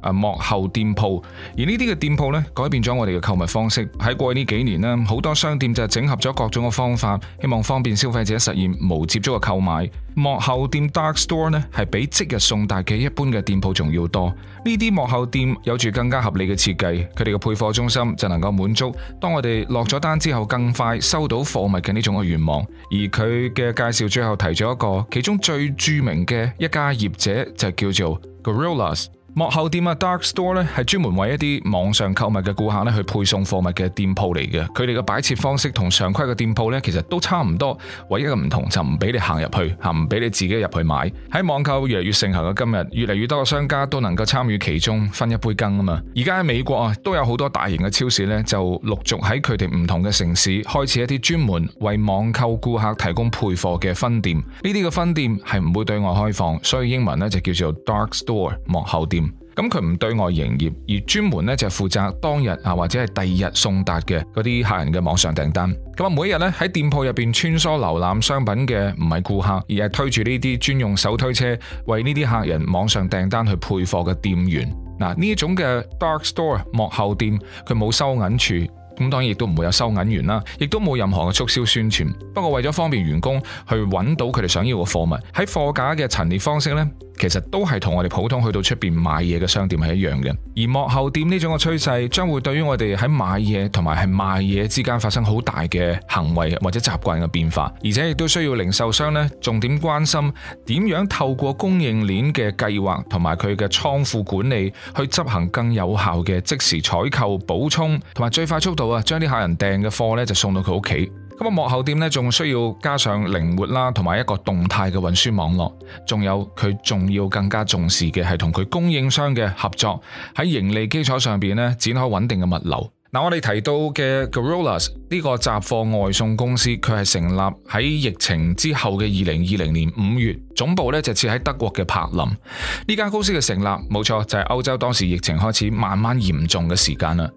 啊！幕後店鋪，而呢啲嘅店鋪咧，改變咗我哋嘅購物方式。喺過去呢幾年咧，好多商店就整合咗各種嘅方法，希望方便消費者實現無接觸嘅購買。幕後店 dark store 咧，係比即日送達嘅一般嘅店鋪仲要多。呢啲幕後店有住更加合理嘅設計，佢哋嘅配貨中心就能夠滿足當我哋落咗單之後更快收到貨物嘅呢種嘅願望。而佢嘅介紹最後提咗一個其中最著名嘅一家業者，就是、叫做 Gorillas。幕後店啊，dark store 咧係專門為一啲網上購物嘅顧客咧去配送貨物嘅店鋪嚟嘅。佢哋嘅擺設方式同常規嘅店鋪咧，其實都差唔多，唯一嘅唔同就唔俾你行入去吓，唔俾你自己入去買。喺網購越嚟越盛行嘅今日，越嚟越多嘅商家都能夠參與其中，分一杯羹啊嘛。而家喺美國啊，都有好多大型嘅超市咧，就陸續喺佢哋唔同嘅城市開始一啲專門為網購顧客提供配貨嘅分店。呢啲嘅分店係唔會對外開放，所以英文咧就叫做 dark store，幕後店。咁佢唔對外營業，而專門咧就負責當日啊或者係第二日送達嘅嗰啲客人嘅網上訂單。咁啊，每日咧喺店鋪入邊穿梭瀏覽商品嘅唔係顧客，而係推住呢啲專用手推車為呢啲客人網上訂單去配貨嘅店員。嗱，呢種嘅 dark store 幕後店，佢冇收銀處。咁當然亦都唔會有收銀員啦，亦都冇任何嘅促銷宣傳。不過為咗方便員工去揾到佢哋想要嘅貨物，喺貨架嘅陳列方式呢，其實都係同我哋普通去到出面買嘢嘅商店係一樣嘅。而幕後店呢種嘅趨勢，將會對於我哋喺買嘢同埋係賣嘢之間發生好大嘅行為或者習慣嘅變化，而且亦都需要零售商呢重點關心點樣透過供應鏈嘅計劃同埋佢嘅倉庫管理去執行更有效嘅即時採購補充同埋最快速度。將啲客人訂嘅貨咧就送到佢屋企，咁啊幕後店咧仲需要加上靈活啦，同埋一個動態嘅運輸網絡，仲有佢仲要更加重視嘅係同佢供應商嘅合作，喺盈利基礎上邊咧展開穩定嘅物流。嗱，我哋提到嘅 Gorillas 呢個雜貨外送公司，佢係成立喺疫情之後嘅二零二零年五月。總部咧就設喺德國嘅柏林。呢間公司嘅成立冇錯就係歐洲當時疫情開始慢慢嚴重嘅時間啦。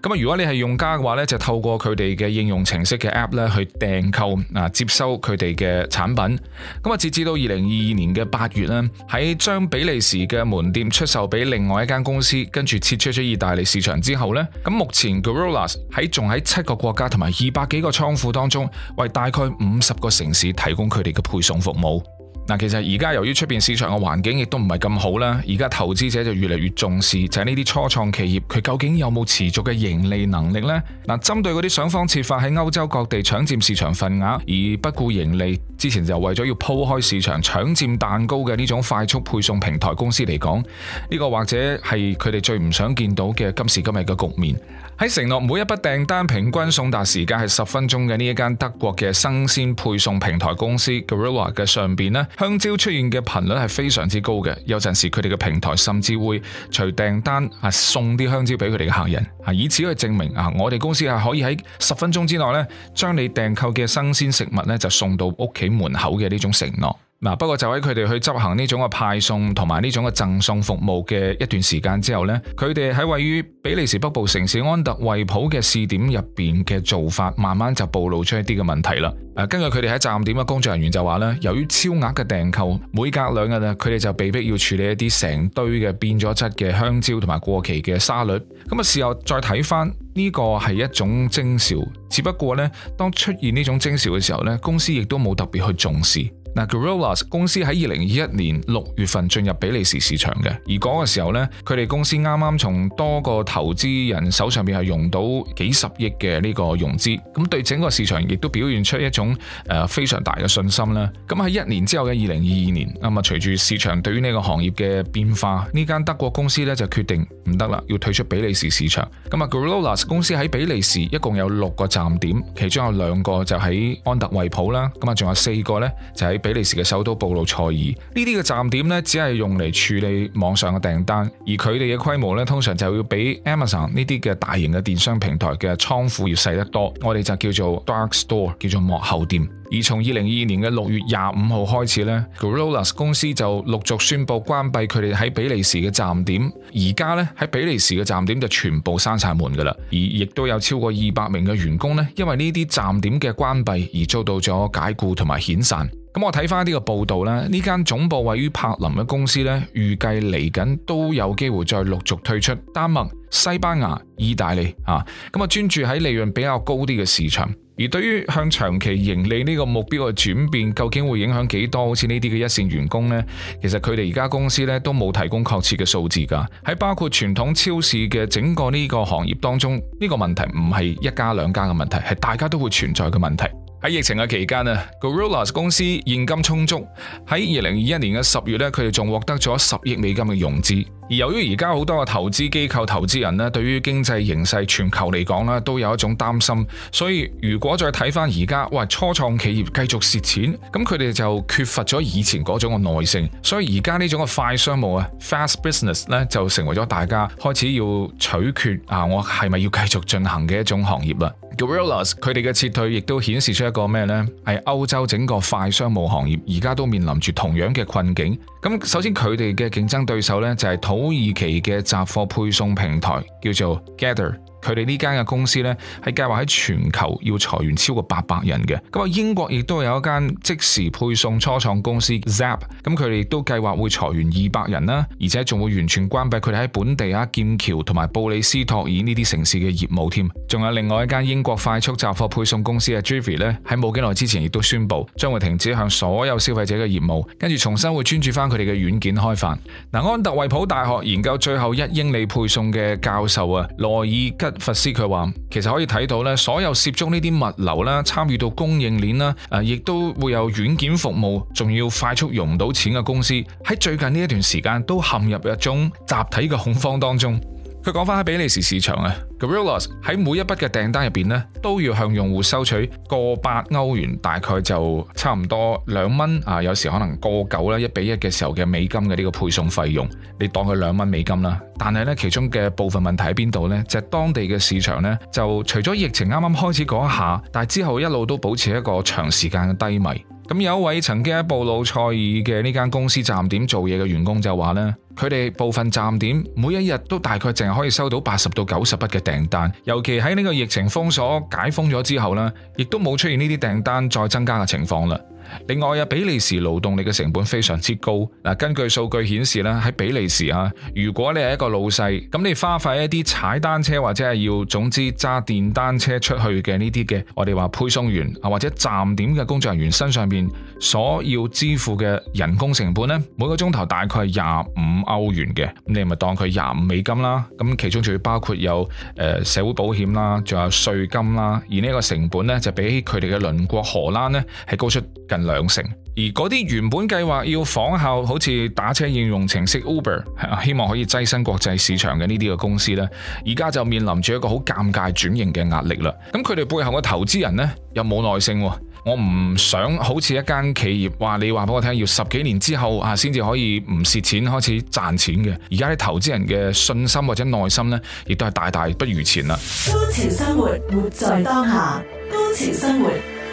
咁啊，如果你係用家嘅話咧，就透過佢哋嘅應用程式嘅 App 咧去訂購啊，接收佢哋嘅產品。咁啊，直至到二零二二年嘅八月呢，喺將比利時嘅門店出售俾另外一間公司，跟住撤出咗意大利市場之後呢，咁目前 Gorillas 喺仲喺七個國家同埋二百幾個倉庫當中，為大概五十個城市提供佢哋嘅配送服務。嗱，其實而家由於出邊市場嘅環境亦都唔係咁好啦，而家投資者就越嚟越重視就係呢啲初創企業，佢究竟有冇持續嘅盈利能力呢？嗱，針對嗰啲想方設法喺歐洲各地搶佔市場份額而不顧盈利，之前就為咗要鋪開市場、搶佔蛋糕嘅呢種快速配送平台公司嚟講，呢個或者係佢哋最唔想見到嘅今時今日嘅局面。喺承諾每一筆訂單平均送達時間係十分鐘嘅呢一間德國嘅生鮮配送平台公司 Gorillas 嘅上邊咧，香蕉出現嘅頻率係非常之高嘅。有陣時佢哋嘅平台甚至會隨訂單啊送啲香蕉俾佢哋嘅客人啊，以此去證明啊，我哋公司係可以喺十分鐘之內咧，將你訂購嘅生鮮食物咧就送到屋企門口嘅呢種承諾。嗱，不過就喺佢哋去執行呢種嘅派送同埋呢種嘅贈送服務嘅一段時間之後呢，佢哋喺位於比利時北部城市安特衛普嘅試點入邊嘅做法，慢慢就暴露出一啲嘅問題啦、啊。根據佢哋喺站點嘅工作人員就話呢，由於超額嘅訂購，每隔兩日呢，佢哋就被迫要處理一啲成堆嘅變咗質嘅香蕉同埋過期嘅沙律。咁、嗯、啊，事後再睇翻呢個係一種徵兆，只不過呢，當出現呢種徵兆嘅時候呢，公司亦都冇特別去重視。g o r o l a s 公司喺二零二一年六月份進入比利時市場嘅，而嗰個時候呢，佢哋公司啱啱從多個投資人手上邊係融到幾十億嘅呢個融資，咁對整個市場亦都表現出一種誒、呃、非常大嘅信心啦。咁喺一年之後嘅二零二二年，咁啊，隨住市場對於呢個行業嘅變化，呢間德國公司呢就決定唔得啦，要退出比利時市場。咁啊，Gorolas 公司喺比利時一共有六個站點，其中有兩個就喺安特惠普啦，咁啊仲有四個呢就喺。比利時嘅首都布魯塞爾，呢啲嘅站點呢，只係用嚟處理網上嘅訂單，而佢哋嘅規模呢，通常就要比 Amazon 呢啲嘅大型嘅電商平台嘅倉庫要細得多。我哋就叫做 dark store，叫做幕後店。而從二零二二年嘅六月廿五號開始呢 Gorillas 公司就陸續宣布關閉佢哋喺比利時嘅站點，而家呢，喺比利時嘅站點就全部閂晒門噶啦，而亦都有超過二百名嘅員工呢，因為呢啲站點嘅關閉而遭到咗解雇同埋遣散。咁我睇翻呢個報道咧，呢間總部位於柏林嘅公司呢，預計嚟緊都有機會再陸續退出丹麥、西班牙、意大利啊，咁啊專注喺利潤比較高啲嘅市場。而對於向長期盈利呢個目標嘅轉變，究竟會影響幾多？好似呢啲嘅一綫員工呢，其實佢哋而家公司呢都冇提供確切嘅數字噶。喺包括傳統超市嘅整個呢個行業當中，呢個問題唔係一家兩家嘅問題，係大家都會存在嘅問題。喺疫情嘅期間啊，Gorillas 公司現金充足。喺二零二一年嘅十月咧，佢哋仲獲得咗十億美金嘅融資。而由於而家好多嘅投資機構、投資人呢，對於經濟形勢全球嚟講呢都有一種擔心。所以如果再睇翻而家，哇！初創企業繼續蝕錢，咁佢哋就缺乏咗以前嗰種嘅耐性。所以而家呢種嘅快商務啊，fast business 咧，就成為咗大家開始要取決啊，我係咪要繼續進行嘅一種行業啦。佢哋嘅撤退亦都顯示出一個咩呢？係歐洲整個快商務行業而家都面臨住同樣嘅困境。咁首先佢哋嘅競爭對手呢，就係土耳其嘅雜貨配送平台，叫做 Gather。佢哋呢間嘅公司呢，係計劃喺全球要裁員超過八百人嘅。咁啊，英國亦都有一間即時配送初創公司 Zapp，咁佢哋亦都計劃會裁員二百人啦，而且仲會完全關閉佢哋喺本地啊劍橋同埋布里斯托爾呢啲城市嘅業務添。仲有另外一間英國快速雜貨配送公司嘅 Jiffy 呢，喺冇幾耐之前亦都宣布將會停止向所有消費者嘅業務，跟住重新會專注翻佢哋嘅軟件開發。嗱，安特衛普大學研究最後一英里配送嘅教授啊，羅爾吉。佛師佢話，其實可以睇到咧，所有涉足呢啲物流啦，參與到供應鏈啦，亦都會有軟件服務，仲要快速融到錢嘅公司，喺最近呢一段時間都陷入一種集體嘅恐慌當中。佢講返喺比利時市場啊，Gorillas 喺每一筆嘅訂單入面都要向用戶收取個八歐元，大概就差唔多兩蚊啊。有時可能個九啦，一比一嘅時候嘅美金嘅呢個配送費用，你當佢兩蚊美金啦。但係呢其中嘅部分問題喺邊度呢？就係、當地嘅市場呢，就除咗疫情啱啱開始嗰一下，但之後一路都保持一個長時間嘅低迷。咁有一位曾經喺布魯塞爾嘅呢間公司站點做嘢嘅員工就話呢，佢哋部分站點每一日都大概淨係可以收到八十到九十筆嘅訂單，尤其喺呢個疫情封鎖解封咗之後呢，亦都冇出現呢啲訂單再增加嘅情況啦。另外啊，比利時勞動力嘅成本非常之高。嗱，根據數據顯示咧，喺比利時啊，如果你係一個老細，咁你花費一啲踩單車或者係要總之揸電單車出去嘅呢啲嘅，我哋話配送員啊或者站點嘅工作人員身上邊所要支付嘅人工成本咧，每個鐘頭大概係廿五歐元嘅，咁你咪當佢廿五美金啦。咁其中仲要包括有誒社會保險啦，仲有稅金啦。而呢個成本呢，就比起佢哋嘅鄰國荷蘭呢，係高出近兩成，而嗰啲原本計劃要仿效好似打車應用程式 Uber，希望可以躋身國際市場嘅呢啲嘅公司呢，而家就面臨住一個好尷尬轉型嘅壓力啦。咁佢哋背後嘅投資人呢，又冇耐性。我唔想好似一間企業話你話，俾我聽要十幾年之後啊，先至可以唔蝕錢開始賺錢嘅。而家啲投資人嘅信心或者耐心呢，亦都係大大不如前啦。高潮生活，活在當下。高潮生活。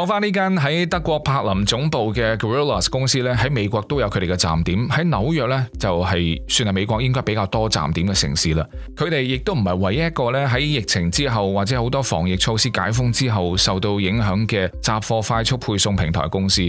講翻呢間喺德國柏林總部嘅 Gorillas 公司咧，喺美國都有佢哋嘅站點。喺紐約呢，就係算係美國應該比較多站點嘅城市啦。佢哋亦都唔係唯一一個咧，喺疫情之後或者好多防疫措施解封之後受到影響嘅雜貨快速配送平台公司，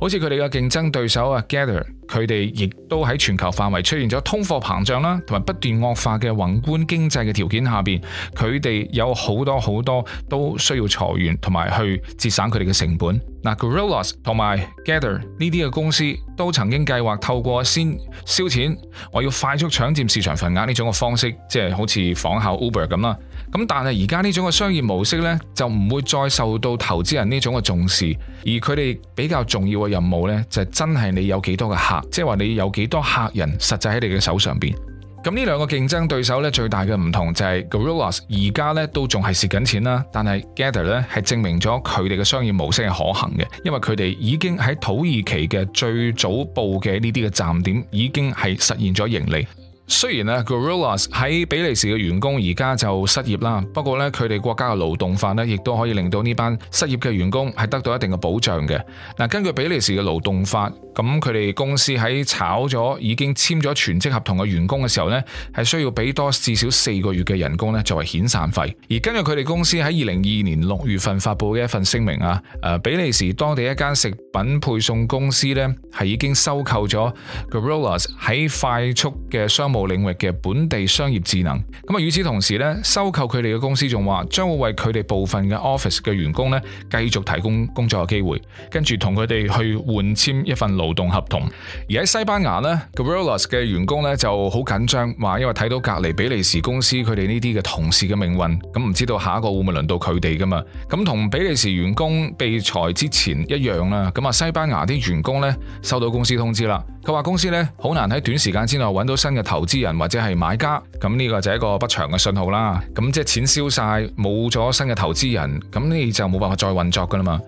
好似佢哋嘅競爭對手啊 Gather。佢哋亦都喺全球範圍出現咗通貨膨脹啦，同埋不斷惡化嘅宏觀經濟嘅條件下邊，佢哋有好多好多都需要裁員同埋去節省佢哋嘅成本。Gorillas 同埋 Gather 呢啲嘅公司都曾經計劃透過先燒錢，我要快速搶佔市場份額呢種嘅方式，即係好似仿效 Uber 咁啦。咁但係而家呢種嘅商業模式呢，就唔會再受到投資人呢種嘅重視，而佢哋比較重要嘅任務呢，就係真係你有幾多嘅客，即係話你有幾多客人實際喺你嘅手上邊。咁呢兩個競爭對手最大嘅唔同就係 Gorillas 而家都仲係蝕緊錢啦，但係 Gather 呢係證明咗佢哋嘅商業模式係可行嘅，因為佢哋已經喺土耳其嘅最早部嘅呢啲嘅站點已經係實現咗盈利。雖然呢，Gorillas 喺比利時嘅員工而家就失業啦，不過呢，佢哋國家嘅勞動法呢，亦都可以令到呢班失業嘅員工係得到一定嘅保障嘅。嗱，根據比利時嘅勞動法，咁佢哋公司喺炒咗已經簽咗全職合同嘅員工嘅時候呢，係需要俾多至少四個月嘅人工呢，作為遣散費。而根據佢哋公司喺二零二二年六月份發布嘅一份聲明啊，誒比利時當地一間食品配送公司呢，係已經收購咗 Gorillas 喺快速嘅商務。領域嘅本地商業智能。咁啊，與此同時咧，收購佢哋嘅公司仲話，將會為佢哋部分嘅 office 嘅員工咧，繼續提供工作嘅機會。跟住同佢哋去換簽一份勞動合同。而喺西班牙呢，Gorillas 嘅員工咧就好緊張，話因為睇到隔籬比利時公司佢哋呢啲嘅同事嘅命運，咁唔知道下一個會唔會輪到佢哋噶嘛？咁同比利時員工被裁之前一樣啦。咁啊，西班牙啲員工咧收到公司通知啦。佢話公司呢好難喺短時間之內揾到新嘅投資人或者係買家，咁呢個就係一個不祥嘅信號啦。咁即係錢燒晒，冇咗新嘅投資人，咁你就冇辦法再運作噶啦嘛。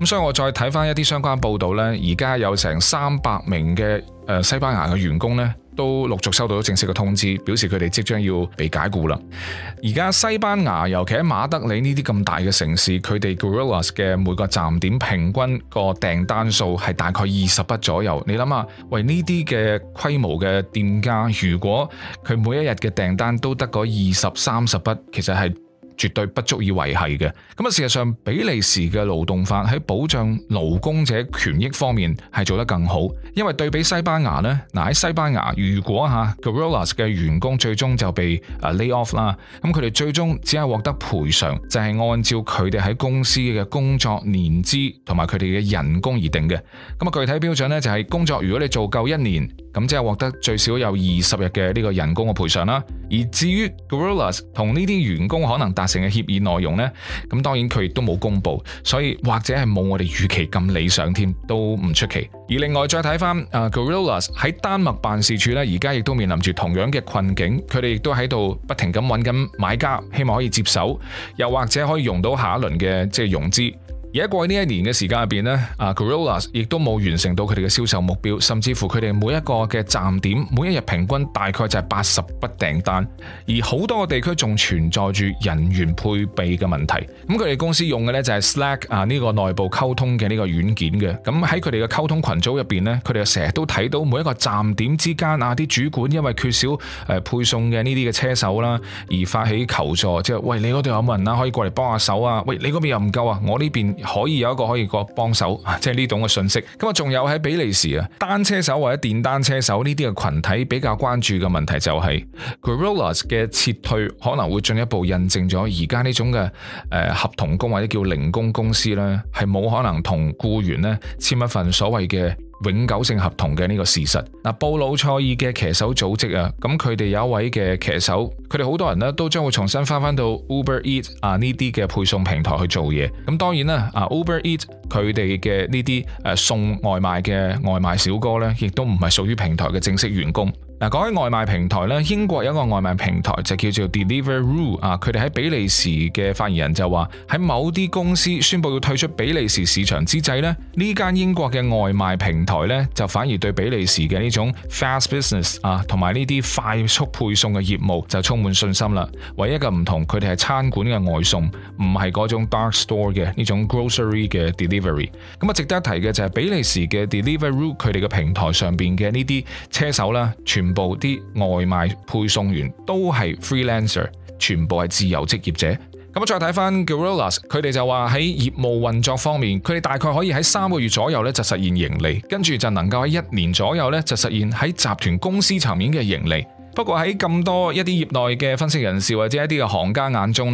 咁所以我再睇翻一啲相關報道呢，而家有成三百名嘅西班牙嘅員工呢，都陸續收到正式嘅通知，表示佢哋即將要被解雇啦。而家西班牙，尤其喺馬德里呢啲咁大嘅城市，佢哋 Gorillas 嘅每個站點平均個訂單數係大概二十筆左右。你諗下，喂呢啲嘅規模嘅店家，如果佢每一日嘅訂單都得嗰二十三十筆，其實係，絕對不足以維繫嘅，咁啊，事實上比利時嘅勞動法喺保障勞工者權益方面係做得更好，因為對比西班牙呢。嗱喺西班牙，如果吓 Gorillas 嘅員工最終就被 lay off 啦，咁佢哋最終只係獲得賠償，就係、是、按照佢哋喺公司嘅工作年資同埋佢哋嘅人工而定嘅，咁啊具體標準呢就係工作如果你做夠一年。咁即係獲得最少有二十日嘅呢個人工嘅賠償啦。而至於 Gorillas 同呢啲員工可能達成嘅協議內容呢，咁當然佢亦都冇公布，所以或者係冇我哋預期咁理想添，都唔出奇。而另外再睇翻啊、uh, Gorillas 喺丹麥辦事處呢，而家亦都面臨住同樣嘅困境，佢哋亦都喺度不停咁揾緊買家，希望可以接手，又或者可以用到下一輪嘅即係融資。而喺過去呢一年嘅時間入面呢，啊 Gorillas 亦都冇完成到佢哋嘅銷售目標，甚至乎佢哋每一個嘅站點每一日平均大概就係八十筆訂單，而好多個地區仲存在住人員配備嘅問題。咁佢哋公司用嘅呢，就係 Slack 啊呢個內部溝通嘅呢個軟件嘅。咁喺佢哋嘅溝通群組入面呢，佢哋成日都睇到每一個站點之間啊啲主管因為缺少誒配送嘅呢啲嘅車手啦，而發起求助，即係喂，你嗰度有冇人啊，可以過嚟幫下手啊？喂，你嗰邊又唔夠啊，我呢邊。可以有一個可以個幫手，即係呢種嘅信息。咁啊，仲有喺比利時啊，單車手或者電單車手呢啲嘅群體比較關注嘅問題就係 Gorillas 嘅撤退可能會進一步印證咗而家呢種嘅合同工或者叫零工公司呢，係冇可能同僱員呢簽一份所謂嘅。永久性合同嘅呢個事實，嗱，布魯塞爾嘅騎手組織啊，咁佢哋有一位嘅騎手，佢哋好多人呢都將會重新返返到 Uber Eats 啊呢啲嘅配送平台去做嘢，咁當然啦啊 Uber Eats 佢哋嘅呢啲誒送外賣嘅外賣小哥呢，亦都唔係屬於平台嘅正式員工。嗱，講起外賣平台咧，英國有一個外賣平台就叫做 Deliveroo 啊。佢哋喺比利時嘅發言人就話，喺某啲公司宣布要退出比利時市場之際咧，呢間英國嘅外賣平台咧就反而對比利時嘅呢種 fast business 啊同埋呢啲快速配送嘅業務就充滿信心啦。唯一嘅唔同，佢哋係餐館嘅外送，唔係嗰種 dark store 嘅呢種 grocery 嘅 delivery。咁啊，值得一提嘅就係、是、比利時嘅 Deliveroo，佢哋嘅平台上邊嘅呢啲車手啦，全。全部啲外賣配送員都係 freelancer，全部係自由職業者。咁再睇翻 Gorillas，佢哋就話喺業務運作方面，佢哋大概可以喺三個月左右咧就實現盈利，跟住就能夠喺一年左右咧就實現喺集團公司層面嘅盈利。不過喺咁多一啲業內嘅分析人士或者一啲嘅行家眼中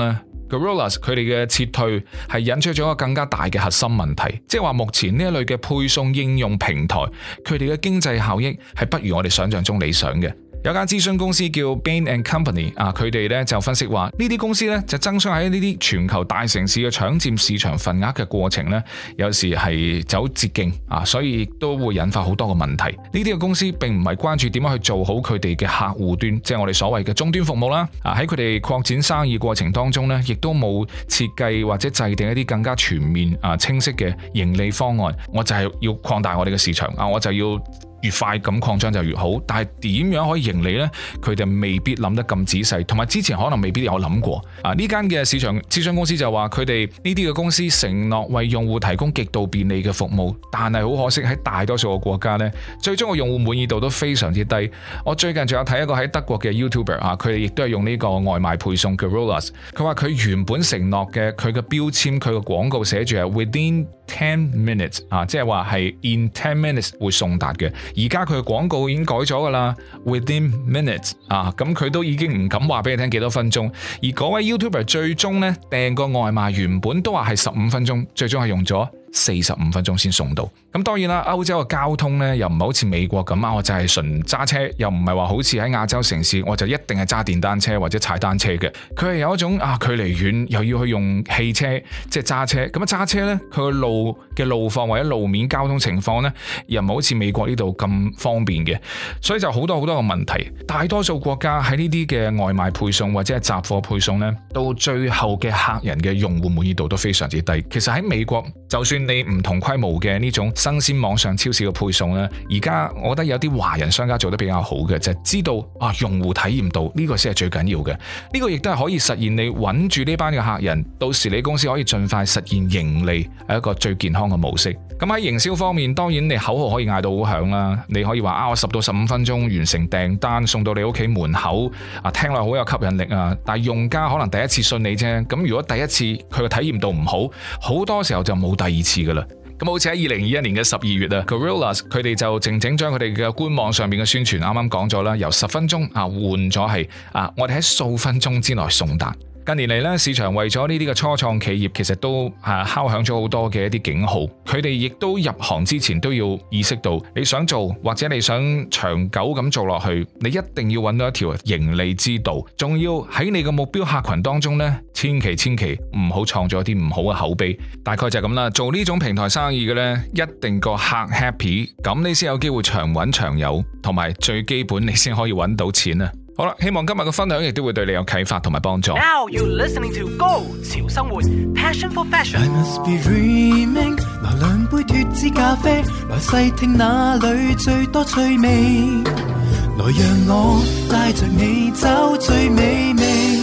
Gorillas 佢哋嘅撤退係引出咗一個更加大嘅核心問題，即係話目前呢一類嘅配送應用平台，佢哋嘅經濟效益係不如我哋想象中理想嘅。有間諮詢公司叫 Bain and Company 啊，佢哋咧就分析話，呢啲公司咧就爭相喺呢啲全球大城市嘅搶佔市場份額嘅過程咧，有時係走捷徑啊，所以亦都會引發好多個問題。呢啲嘅公司並唔係關注點樣去做好佢哋嘅客戶端，即係我哋所謂嘅終端服務啦。啊，喺佢哋擴展生意過程當中咧，亦都冇設計或者制定一啲更加全面啊，清晰嘅盈利方案。我就係要擴大我哋嘅市場啊，我就要。越快咁擴張就越好，但係點樣可以盈利呢？佢哋未必諗得咁仔細，同埋之前可能未必有諗過。啊，呢間嘅市場諮詢公司就話，佢哋呢啲嘅公司承諾為用戶提供極度便利嘅服務，但係好可惜喺大多數嘅國家呢，最終嘅用戶滿意度都非常之低。我最近仲有睇一個喺德國嘅 YouTuber 啊，佢哋亦都係用呢個外賣配送嘅 Gorillas。佢話佢原本承諾嘅佢嘅標籤，佢嘅廣告寫住係 within。ten minutes 啊，即係話係 in ten minutes 會送達嘅。而家佢嘅廣告已經改咗㗎喇，within minutes 啊，咁佢都已經唔敢話俾你聽幾多分鐘。而嗰位 YouTuber 最終呢，訂個外賣，原本都話係十五分鐘，最終係用咗。四十五分鐘先送到，咁當然啦，歐洲嘅交通呢，又唔係好似美國咁，我就係純揸車，又唔係話好似喺亞洲城市，我就一定係揸電單車或者踩單車嘅。佢係有一種啊，距離遠又要去用汽車，即係揸車，咁啊揸車呢，佢個路嘅路況或者路面交通情況呢，又唔係好似美國呢度咁方便嘅，所以就好多好多嘅問題。大多數國家喺呢啲嘅外賣配送或者係雜貨配送呢，到最後嘅客人嘅用戶滿意度都非常之低。其實喺美國就算。你唔同規模嘅呢種新鮮網上超市嘅配送呢，而家我覺得有啲華人商家做得比較好嘅，就係、知道啊用戶體驗到呢、這個先係最緊要嘅，呢、這個亦都係可以實現你穩住呢班嘅客人，到時你公司可以盡快實現盈利係一個最健康嘅模式。咁喺營銷方面，當然你口號可以嗌到好響啦、啊，你可以話啊我十到十五分鐘完成訂單送到你屋企門口啊，聽落好有吸引力啊，但係用家可能第一次信你啫，咁如果第一次佢嘅體驗度唔好，好多時候就冇第二次。似噶啦，咁好似喺二零二一年嘅十二月啊 Gorillas 佢哋就靜靜將佢哋嘅官網上面嘅宣傳，啱啱講咗啦，由十分鐘啊換咗係啊，我哋喺數分鐘之內送達。近年嚟咧，市場為咗呢啲嘅初創企業，其實都係敲響咗好多嘅一啲警號。佢哋亦都入行之前都要意識到，你想做或者你想長久咁做落去，你一定要揾到一條盈利之道，仲要喺你嘅目標客群當中呢，千祈千祈唔好創造一啲唔好嘅口碑。大概就係咁啦。做呢種平台生意嘅呢，一定個客戶 happy，咁你先有機會長揾長有，同埋最基本你先可以揾到錢啊！好啦，希望今日嘅分享亦都會對你有啟發同埋幫助。Now you listening to 高潮生活，Passion for fashion。I must be dreaming。來兩杯脫脂咖啡，來細聽哪裏最多趣味。來讓我帶着你找最美味，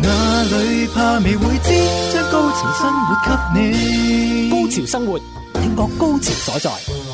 哪裏怕未會知，將高潮生活給你。高潮生活，聽覺高潮所在。